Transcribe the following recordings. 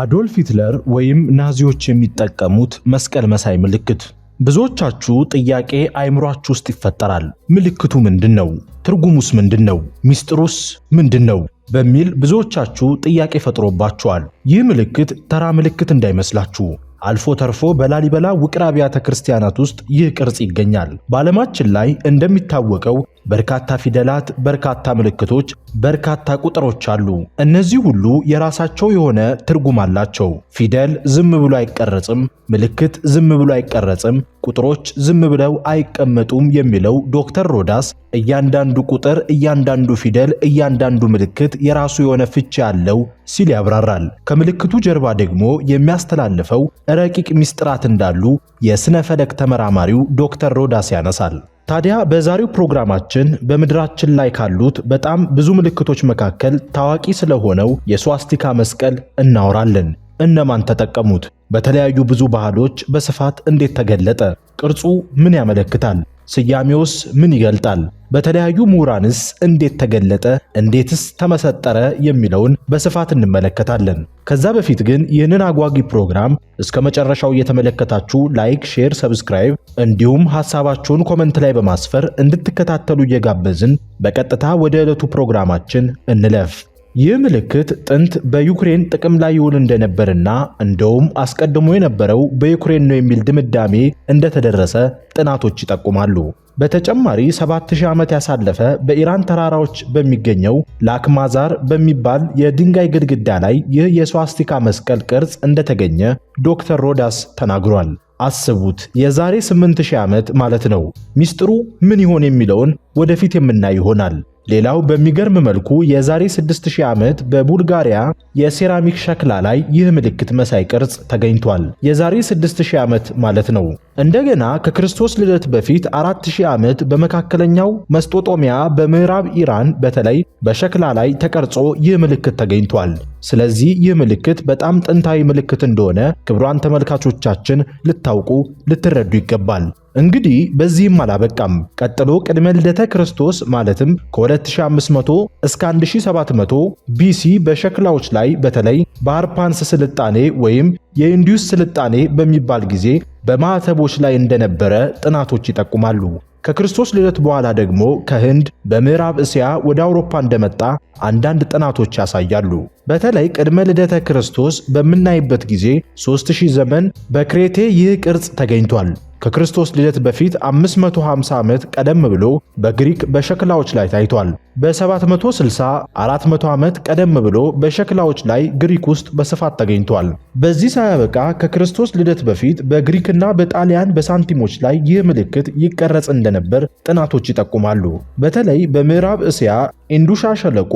አዶልፍ ሂትለር ወይም ናዚዎች የሚጠቀሙት መስቀል መሳይ ምልክት። ብዙዎቻችሁ ጥያቄ አይምሯችሁ ውስጥ ይፈጠራል። ምልክቱ ምንድን ነው? ትርጉሙስ ምንድን ነው? ሚስጥሩስ ምንድን ነው? በሚል ብዙዎቻችሁ ጥያቄ ፈጥሮባችኋል። ይህ ምልክት ተራ ምልክት እንዳይመስላችሁ አልፎ ተርፎ በላሊበላ ውቅር አብያተ ክርስቲያናት ውስጥ ይህ ቅርጽ ይገኛል። በዓለማችን ላይ እንደሚታወቀው በርካታ ፊደላት፣ በርካታ ምልክቶች፣ በርካታ ቁጥሮች አሉ። እነዚህ ሁሉ የራሳቸው የሆነ ትርጉም አላቸው። ፊደል ዝም ብሎ አይቀረጽም። ምልክት ዝም ብሎ አይቀረጽም። ቁጥሮች ዝም ብለው አይቀመጡም የሚለው ዶክተር ሮዳስ እያንዳንዱ ቁጥር፣ እያንዳንዱ ፊደል፣ እያንዳንዱ ምልክት የራሱ የሆነ ፍቺ ያለው ሲል ያብራራል። ከምልክቱ ጀርባ ደግሞ የሚያስተላልፈው ረቂቅ ሚስጥራት እንዳሉ የሥነ ፈለክ ተመራማሪው ዶክተር ሮዳስ ያነሳል። ታዲያ በዛሬው ፕሮግራማችን በምድራችን ላይ ካሉት በጣም ብዙ ምልክቶች መካከል ታዋቂ ስለሆነው የስዋስቲካ መስቀል እናወራለን። እነማን ተጠቀሙት? በተለያዩ ብዙ ባህሎች በስፋት እንዴት ተገለጠ? ቅርጹ ምን ያመለክታል? ስያሜውስ ምን ይገልጣል? በተለያዩ ምሁራንስ እንዴት ተገለጠ? እንዴትስ ተመሰጠረ? የሚለውን በስፋት እንመለከታለን። ከዛ በፊት ግን ይህንን አጓጊ ፕሮግራም እስከ መጨረሻው እየተመለከታችሁ ላይክ፣ ሼር፣ ሰብስክራይብ እንዲሁም ሐሳባችሁን ኮመንት ላይ በማስፈር እንድትከታተሉ እየጋበዝን በቀጥታ ወደ ዕለቱ ፕሮግራማችን እንለፍ። ይህ ምልክት ጥንት በዩክሬን ጥቅም ላይ ይውል እንደነበርና እንደውም አስቀድሞ የነበረው በዩክሬን ነው የሚል ድምዳሜ እንደተደረሰ ጥናቶች ይጠቁማሉ። በተጨማሪ 7000 ዓመት ያሳለፈ በኢራን ተራራዎች በሚገኘው ላክማዛር በሚባል የድንጋይ ግድግዳ ላይ ይህ የስዋስቲካ መስቀል ቅርጽ እንደተገኘ ዶክተር ሮዳስ ተናግሯል። አስቡት፣ የዛሬ 8000 ዓመት ማለት ነው። ሚስጥሩ ምን ይሆን የሚለውን ወደፊት የምናይ ይሆናል። ሌላው በሚገርም መልኩ የዛሬ 6000 ዓመት በቡልጋሪያ የሴራሚክ ሸክላ ላይ ይህ ምልክት መሳይ ቅርጽ ተገኝቷል። የዛሬ 6000 ዓመት ማለት ነው። እንደገና ከክርስቶስ ልደት በፊት 4000 ዓመት በመካከለኛው መስጦጦሚያ በምዕራብ ኢራን በተለይ በሸክላ ላይ ተቀርጾ ይህ ምልክት ተገኝቷል። ስለዚህ ይህ ምልክት በጣም ጥንታዊ ምልክት እንደሆነ ክብሯን ተመልካቾቻችን ልታውቁ ልትረዱ ይገባል። እንግዲህ በዚህም አላበቃም። ቀጥሎ ቅድመ ልደተ ክርስቶስ ማለትም ከ2500 እስከ 1700 ቢሲ በሸክላዎች ላይ በተለይ በአርፓንስ ስልጣኔ ወይም የኢንዱስ ስልጣኔ በሚባል ጊዜ በማዕተቦች ላይ እንደነበረ ጥናቶች ይጠቁማሉ። ከክርስቶስ ልደት በኋላ ደግሞ ከህንድ በምዕራብ እስያ ወደ አውሮፓ እንደመጣ አንዳንድ ጥናቶች ያሳያሉ። በተለይ ቅድመ ልደተ ክርስቶስ በምናይበት ጊዜ 3000 ዘመን በክሬቴ ይህ ቅርጽ ተገኝቷል። ከክርስቶስ ልደት በፊት 550 ዓመት ቀደም ብሎ በግሪክ በሸክላዎች ላይ ታይቷል። በ760 400 ዓመት ቀደም ብሎ በሸክላዎች ላይ ግሪክ ውስጥ በስፋት ተገኝቷል። በዚህ ሳያበቃ ከክርስቶስ ልደት በፊት በግሪክና በጣሊያን በሳንቲሞች ላይ ይህ ምልክት ይቀረጽ እንደነበር ጥናቶች ይጠቁማሉ። በተለይ በምዕራብ እስያ ኢንዱሻ ሸለቆ፣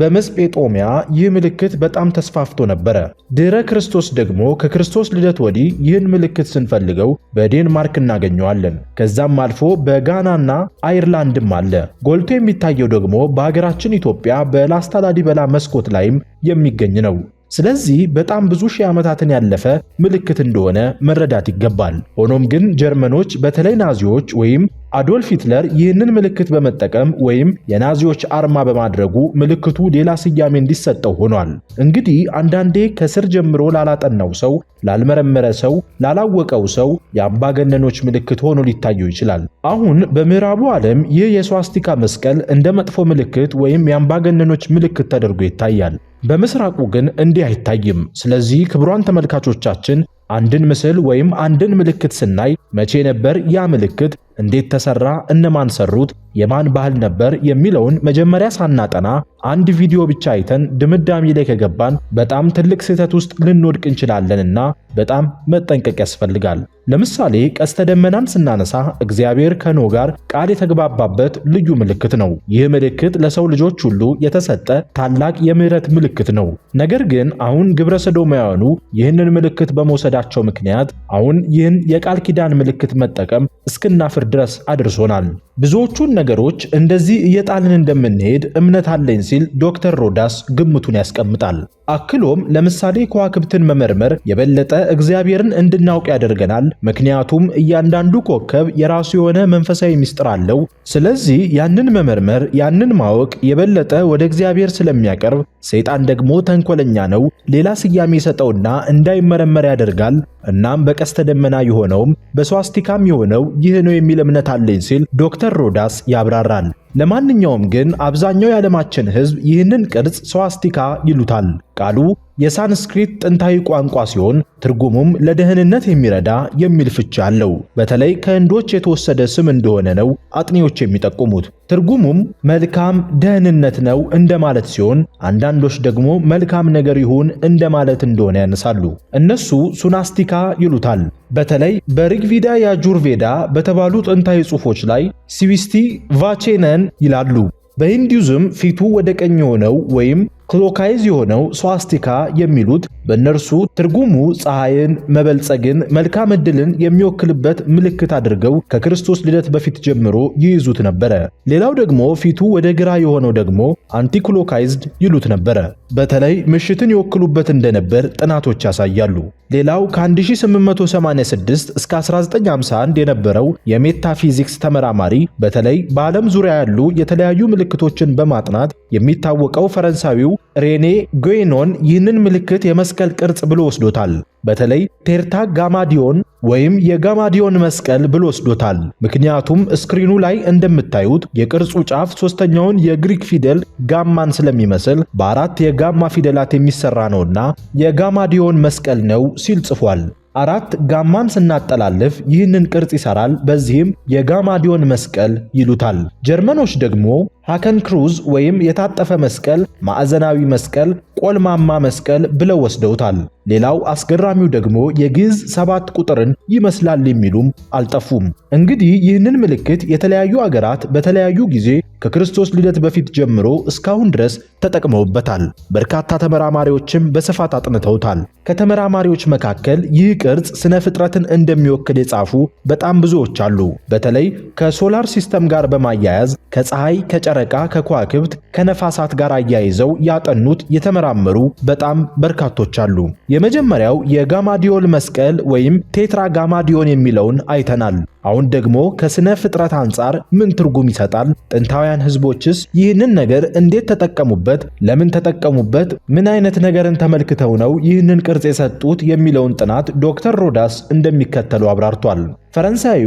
በመስጴጦሚያ ይህ ምልክት በጣም ተስፋፍቶ ነበረ። ድኅረ ክርስቶስ ደግሞ ከክርስቶስ ልደት ወዲህ ይህን ምልክት ስንፈልገው በዴንማርክ እናገኘዋለን። ከዛም አልፎ በጋናና አይርላንድም አለ። ጎልቶ የሚታየው ደግሞ በሀገራችን ኢትዮጵያ በላስታ ላሊበላ መስኮት ላይም የሚገኝ ነው። ስለዚህ በጣም ብዙ ሺህ ዓመታትን ያለፈ ምልክት እንደሆነ መረዳት ይገባል። ሆኖም ግን ጀርመኖች በተለይ ናዚዎች ወይም አዶልፍ ሂትለር ይህንን ምልክት በመጠቀም ወይም የናዚዎች አርማ በማድረጉ ምልክቱ ሌላ ስያሜ እንዲሰጠው ሆኗል። እንግዲህ አንዳንዴ ከስር ጀምሮ ላላጠናው ሰው፣ ላልመረመረ ሰው፣ ላላወቀው ሰው የአምባገነኖች ምልክት ሆኖ ሊታየው ይችላል። አሁን በምዕራቡ ዓለም ይህ የስዋስቲካ መስቀል እንደ መጥፎ ምልክት ወይም የአምባገነኖች ምልክት ተደርጎ ይታያል። በምስራቁ ግን እንዲህ አይታይም። ስለዚህ ክቡራን ተመልካቾቻችን አንድን ምስል ወይም አንድን ምልክት ስናይ መቼ ነበር ያ ምልክት፣ እንዴት ተሰራ፣ እነማን ሰሩት፣ የማን ባህል ነበር የሚለውን መጀመሪያ ሳናጠና አንድ ቪዲዮ ብቻ አይተን ድምዳሜ ላይ ከገባን በጣም ትልቅ ስህተት ውስጥ ልንወድቅ እንችላለንና በጣም መጠንቀቅ ያስፈልጋል። ለምሳሌ ቀስተ ደመናን ስናነሳ እግዚአብሔር ከኖ ጋር ቃል የተግባባበት ልዩ ምልክት ነው። ይህ ምልክት ለሰው ልጆች ሁሉ የተሰጠ ታላቅ የምህረት ምልክት ነው። ነገር ግን አሁን ግብረ ሰዶማውያኑ ይህንን ምልክት በመውሰድ በመሆናቸው ምክንያት አሁን ይህን የቃል ኪዳን ምልክት መጠቀም እስክናፍር ድረስ አድርሶናል። ብዙዎቹን ነገሮች እንደዚህ እየጣልን እንደምንሄድ እምነት አለኝ ሲል ዶክተር ሮዳስ ግምቱን ያስቀምጣል። አክሎም ለምሳሌ ከዋክብትን መመርመር የበለጠ እግዚአብሔርን እንድናውቅ ያደርገናል፣ ምክንያቱም እያንዳንዱ ኮከብ የራሱ የሆነ መንፈሳዊ ምስጢር አለው። ስለዚህ ያንን መመርመር፣ ያንን ማወቅ የበለጠ ወደ እግዚአብሔር ስለሚያቀርብ፣ ሰይጣን ደግሞ ተንኮለኛ ነው፣ ሌላ ስያሜ ይሰጠውና እንዳይመረመር ያደርጋል። እናም በቀስተ ደመና የሆነውም በስዋስቲካም የሆነው ይህ ነው የሚል እምነት አለኝ ሲል ዶክተር ሮዳስ ያብራራል። ለማንኛውም ግን አብዛኛው የዓለማችን ሕዝብ ይህንን ቅርጽ ስዋስቲካ ይሉታል። ቃሉ የሳንስክሪት ጥንታዊ ቋንቋ ሲሆን ትርጉሙም ለደህንነት የሚረዳ የሚል ፍቺ አለው። በተለይ ከህንዶች የተወሰደ ስም እንደሆነ ነው አጥኚዎች የሚጠቁሙት። ትርጉሙም መልካም ደህንነት ነው እንደማለት ሲሆን፣ አንዳንዶች ደግሞ መልካም ነገር ይሁን እንደማለት እንደሆነ ያነሳሉ። እነሱ ሱናስቲካ ይሉታል። በተለይ በሪግቪዳ ያጁርቬዳ በተባሉ ጥንታዊ ጽሑፎች ላይ ሲዊስቲ ቫቼነን ይላሉ። በሂንዱይዝም ፊቱ ወደ ቀኝ የሆነው ወይም ክሎካይዝ የሆነው ስዋስቲካ የሚሉት በእነርሱ ትርጉሙ ፀሐይን፣ መበልጸግን፣ መልካም ዕድልን የሚወክልበት ምልክት አድርገው ከክርስቶስ ልደት በፊት ጀምሮ ይይዙት ነበረ። ሌላው ደግሞ ፊቱ ወደ ግራ የሆነው ደግሞ አንቲክሎካይዝድ ይሉት ነበረ። በተለይ ምሽትን ይወክሉበት እንደነበር ጥናቶች ያሳያሉ። ሌላው ከ1886 እስከ 1951 የነበረው የሜታፊዚክስ ተመራማሪ በተለይ በዓለም ዙሪያ ያሉ የተለያዩ ምልክቶችን በማጥናት የሚታወቀው ፈረንሳዊው ሬኔ ጉዌኖን ይህንን ምልክት የመስቀል ቅርጽ ብሎ ወስዶታል። በተለይ ቴርታ ጋማዲዮን ወይም የጋማዲዮን መስቀል ብሎ ወስዶታል። ምክንያቱም ስክሪኑ ላይ እንደምታዩት የቅርጹ ጫፍ ሶስተኛውን የግሪክ ፊደል ጋማን ስለሚመስል በአራት የጋማ ፊደላት የሚሰራ ነውና የጋማዲዮን መስቀል ነው ሲል ጽፏል። አራት ጋማን ስናጠላልፍ ይህንን ቅርጽ ይሰራል። በዚህም የጋማዲዮን መስቀል ይሉታል። ጀርመኖች ደግሞ ሃከን ክሩዝ ወይም የታጠፈ መስቀል፣ ማዕዘናዊ መስቀል፣ ቆልማማ መስቀል ብለው ወስደውታል። ሌላው አስገራሚው ደግሞ የግዕዝ ሰባት ቁጥርን ይመስላል የሚሉም አልጠፉም። እንግዲህ ይህንን ምልክት የተለያዩ አገራት በተለያዩ ጊዜ ከክርስቶስ ልደት በፊት ጀምሮ እስካሁን ድረስ ተጠቅመውበታል። በርካታ ተመራማሪዎችም በስፋት አጥንተውታል። ከተመራማሪዎች መካከል ይህ ቅርጽ ስነ ፍጥረትን እንደሚወክል የጻፉ በጣም ብዙዎች አሉ። በተለይ ከሶላር ሲስተም ጋር በማያያዝ ከፀሐይ ከጨ ጨረቃ ከከዋክብት ከነፋሳት ጋር አያይዘው ያጠኑት የተመራመሩ በጣም በርካቶች አሉ። የመጀመሪያው የጋማዲዮል መስቀል ወይም ቴትራ ጋማዲዮን የሚለውን አይተናል። አሁን ደግሞ ከስነ ፍጥረት አንጻር ምን ትርጉም ይሰጣል? ጥንታውያን ሕዝቦችስ ይህንን ነገር እንዴት ተጠቀሙበት? ለምን ተጠቀሙበት? ምን አይነት ነገርን ተመልክተው ነው ይህንን ቅርጽ የሰጡት የሚለውን ጥናት ዶክተር ሮዳስ እንደሚከተለው አብራርቷል። ፈረንሳዩ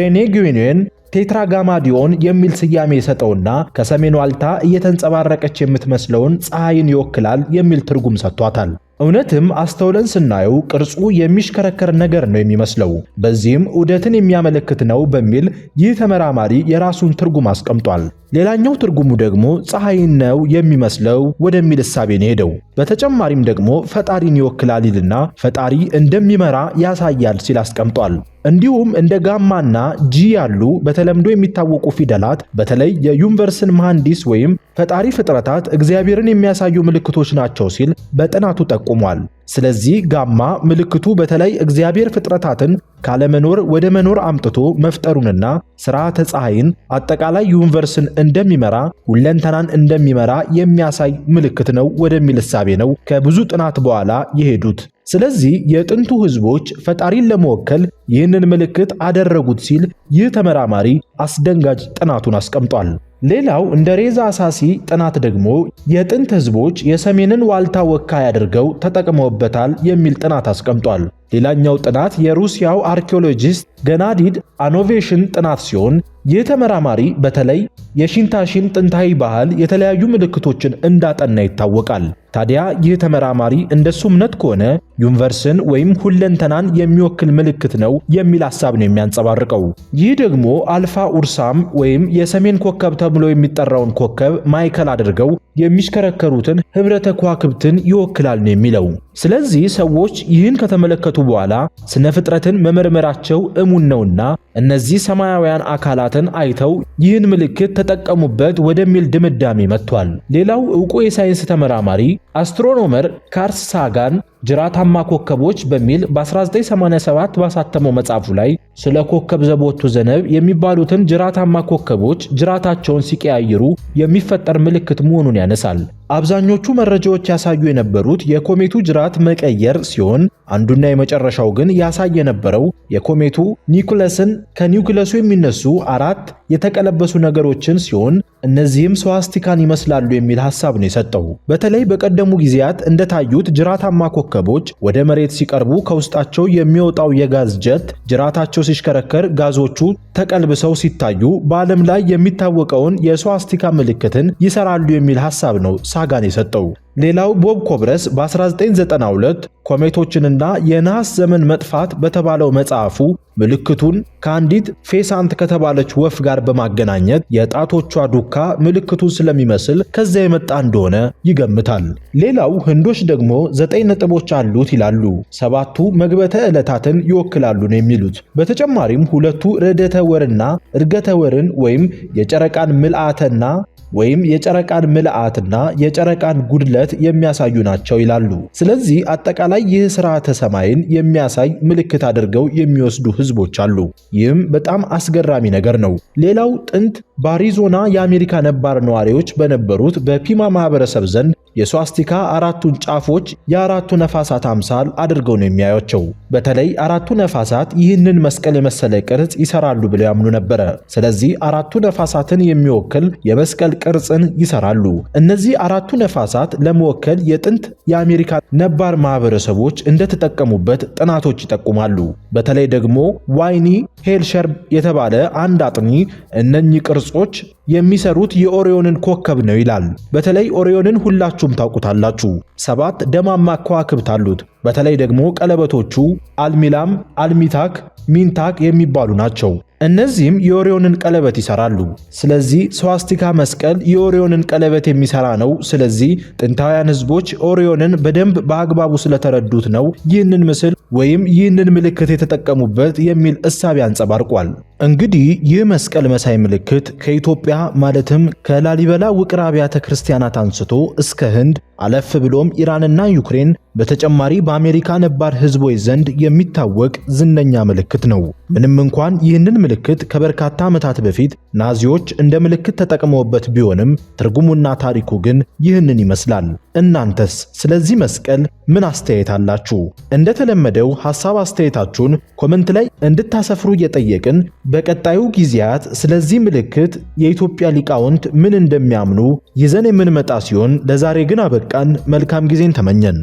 ሬኔ ጊዊኔን ቴትራጋማዲዮን የሚል ስያሜ የሰጠውና ከሰሜን ዋልታ እየተንጸባረቀች የምትመስለውን ፀሐይን ይወክላል የሚል ትርጉም ሰጥቷታል። እውነትም አስተውለን ስናየው ቅርጹ የሚሽከረከር ነገር ነው የሚመስለው። በዚህም ዑደትን የሚያመለክት ነው በሚል ይህ ተመራማሪ የራሱን ትርጉም አስቀምጧል። ሌላኛው ትርጉሙ ደግሞ ፀሐይን ነው የሚመስለው ወደሚል ነው ሄደው፣ በተጨማሪም ደግሞ ፈጣሪን ይወክላል ይልና ፈጣሪ እንደሚመራ ያሳያል ሲል አስቀምጧል። እንዲሁም እንደ ጋማና ጂ ያሉ በተለምዶ የሚታወቁ ፊደላት በተለይ የዩኒቨርስን መሐንዲስ ወይም ፈጣሪ ፍጥረታት እግዚአብሔርን የሚያሳዩ ምልክቶች ናቸው ሲል በጥናቱ ጠቁሟል። ስለዚህ ጋማ ምልክቱ በተለይ እግዚአብሔር ፍጥረታትን ካለመኖር ወደ መኖር አምጥቶ መፍጠሩንና ስርዓተ ፀሐይን አጠቃላይ ዩኒቨርስን እንደሚመራ ሁለንተናን እንደሚመራ የሚያሳይ ምልክት ነው ወደሚል እሳቤ ነው ከብዙ ጥናት በኋላ የሄዱት። ስለዚህ የጥንቱ ሕዝቦች ፈጣሪን ለመወከል ይህንን ምልክት አደረጉት ሲል ይህ ተመራማሪ አስደንጋጭ ጥናቱን አስቀምጧል። ሌላው እንደ ሬዛ አሳሲ ጥናት ደግሞ የጥንት ህዝቦች የሰሜንን ዋልታ ወካይ አድርገው ተጠቅመውበታል የሚል ጥናት አስቀምጧል። ሌላኛው ጥናት የሩሲያው አርኪኦሎጂስት ገናዲድ አኖቬሽን ጥናት ሲሆን ይህ ተመራማሪ በተለይ የሺንታሺን ጥንታዊ ባህል የተለያዩ ምልክቶችን እንዳጠና ይታወቃል። ታዲያ ይህ ተመራማሪ እንደሱ እምነት ከሆነ ዩኒቨርስን ወይም ሁለንተናን የሚወክል ምልክት ነው የሚል ሐሳብ ነው የሚያንጸባርቀው። ይህ ደግሞ አልፋ ኡርሳም ወይም የሰሜን ኮከብ ተብሎ የሚጠራውን ኮከብ ማዕከል አድርገው የሚሽከረከሩትን ኅብረተ ከዋክብትን ይወክላል ነው የሚለው። ስለዚህ ሰዎች ይህን ከተመለከቱ በኋላ ስነ ፍጥረትን መመርመራቸው እሙን ነውና እነዚህ ሰማያውያን አካላትን አይተው ይህን ምልክት ተጠቀሙበት ወደሚል ድምዳሜ መጥቷል። ሌላው ዕውቁ የሳይንስ ተመራማሪ አስትሮኖመር ካርስ ሳጋን ጅራታማ ኮከቦች በሚል በ1987 ባሳተመው መጽሐፉ ላይ ስለ ኮከብ ዘቦቱ ዘነብ የሚባሉትን ጅራታማ ኮከቦች ጅራታቸውን ሲቀያይሩ የሚፈጠር ምልክት መሆኑን ያነሳል። አብዛኞቹ መረጃዎች ያሳዩ የነበሩት የኮሜቱ ጅራት መቀየር ሲሆን አንዱና የመጨረሻው ግን ያሳይ የነበረው የኮሜቱ ኒኩለስን ከኒኩለሱ የሚነሱ አራት የተቀለበሱ ነገሮችን ሲሆን እነዚህም ስዋስቲካን ይመስላሉ የሚል ሐሳብ ነው የሰጠው። በተለይ በቀደሙ ጊዜያት እንደታዩት ጅራታማ ኮከቦች ወደ መሬት ሲቀርቡ ከውስጣቸው የሚወጣው የጋዝ ጀት ጅራታቸው ሲሽከረከር ጋዞቹ ተቀልብሰው ሲታዩ በዓለም ላይ የሚታወቀውን የስዋስቲካ ምልክትን ይሰራሉ የሚል ሐሳብ ነው ሳጋን የሰጠው። ሌላው ቦብ ኮብረስ በ1992 ኮሜቶችንና የነሐስ ዘመን መጥፋት በተባለው መጽሐፉ ምልክቱን ከአንዲት ፌሳንት ከተባለች ወፍ ጋር በማገናኘት የጣቶቿ ዱካ ምልክቱን ስለሚመስል ከዚያ የመጣ እንደሆነ ይገምታል። ሌላው ህንዶች ደግሞ ዘጠኝ ነጥቦች አሉት ይላሉ። ሰባቱ መግበተ ዕለታትን ይወክላሉ ነው የሚሉት። በተጨማሪም ሁለቱ ርዕደተ ወርና እርገተ ወርን ወይም የጨረቃን ምልአተና ወይም የጨረቃን ምልአትና የጨረቃን ጉድለት የሚያሳዩ ናቸው ይላሉ። ስለዚህ አጠቃላይ ይህ ስርዓተ ሰማይን የሚያሳይ ምልክት አድርገው የሚወስዱ ህዝቦች አሉ። ይህም በጣም አስገራሚ ነገር ነው። ሌላው ጥንት በአሪዞና የአሜሪካ ነባር ነዋሪዎች በነበሩት በፒማ ማህበረሰብ ዘንድ የስዋስቲካ አራቱን ጫፎች የአራቱ ነፋሳት አምሳል አድርገው ነው የሚያያቸው። በተለይ አራቱ ነፋሳት ይህንን መስቀል የመሰለ ቅርጽ ይሰራሉ ብለው ያምኑ ነበረ። ስለዚህ አራቱ ነፋሳትን የሚወክል የመስቀል ቅርጽን ይሰራሉ። እነዚህ አራቱ ነፋሳት ለመወከል የጥንት የአሜሪካ ነባር ማህበረሰቦች እንደተጠቀሙበት ጥናቶች ይጠቁማሉ። በተለይ ደግሞ ዋይኒ ሄልሸርብ የተባለ አንድ አጥኚ እነኚህ ቅርጽ ቅርጾች የሚሰሩት የኦሪዮንን ኮከብ ነው ይላል። በተለይ ኦሪዮንን ሁላችሁም ታውቁታላችሁ። ሰባት ደማማ ከዋክብት አሉት። በተለይ ደግሞ ቀለበቶቹ አልሚላም፣ አልሚታክ፣ ሚንታክ የሚባሉ ናቸው። እነዚህም የኦሪዮንን ቀለበት ይሰራሉ። ስለዚህ ስዋስቲካ መስቀል የኦሪዮንን ቀለበት የሚሰራ ነው። ስለዚህ ጥንታውያን ህዝቦች ኦሪዮንን በደንብ በአግባቡ ስለተረዱት ነው ይህንን ምስል ወይም ይህንን ምልክት የተጠቀሙበት የሚል እሳቤ አንጸባርቋል። እንግዲህ ይህ መስቀል መሳይ ምልክት ከኢትዮጵያ ማለትም ከላሊበላ ውቅር አብያተ ክርስቲያናት አንስቶ እስከ ህንድ አለፍ ብሎም ኢራንና ዩክሬን በተጨማሪ በአሜሪካ ነባር ህዝቦች ዘንድ የሚታወቅ ዝነኛ ምልክት ነው። ምንም እንኳን ይህንን ምልክት ከበርካታ ዓመታት በፊት ናዚዎች እንደ ምልክት ተጠቅመውበት ቢሆንም ትርጉሙና ታሪኩ ግን ይህንን ይመስላል። እናንተስ ስለዚህ መስቀል ምን አስተያየት አላችሁ? እንደተለመደው ሐሳብ አስተያየታችሁን ኮመንት ላይ እንድታሰፍሩ እየጠየቅን በቀጣዩ ጊዜያት ስለዚህ ምልክት የኢትዮጵያ ሊቃውንት ምን እንደሚያምኑ ይዘን የምንመጣ ሲሆን ለዛሬ ግን አበቃን። መልካም ጊዜን ተመኘን።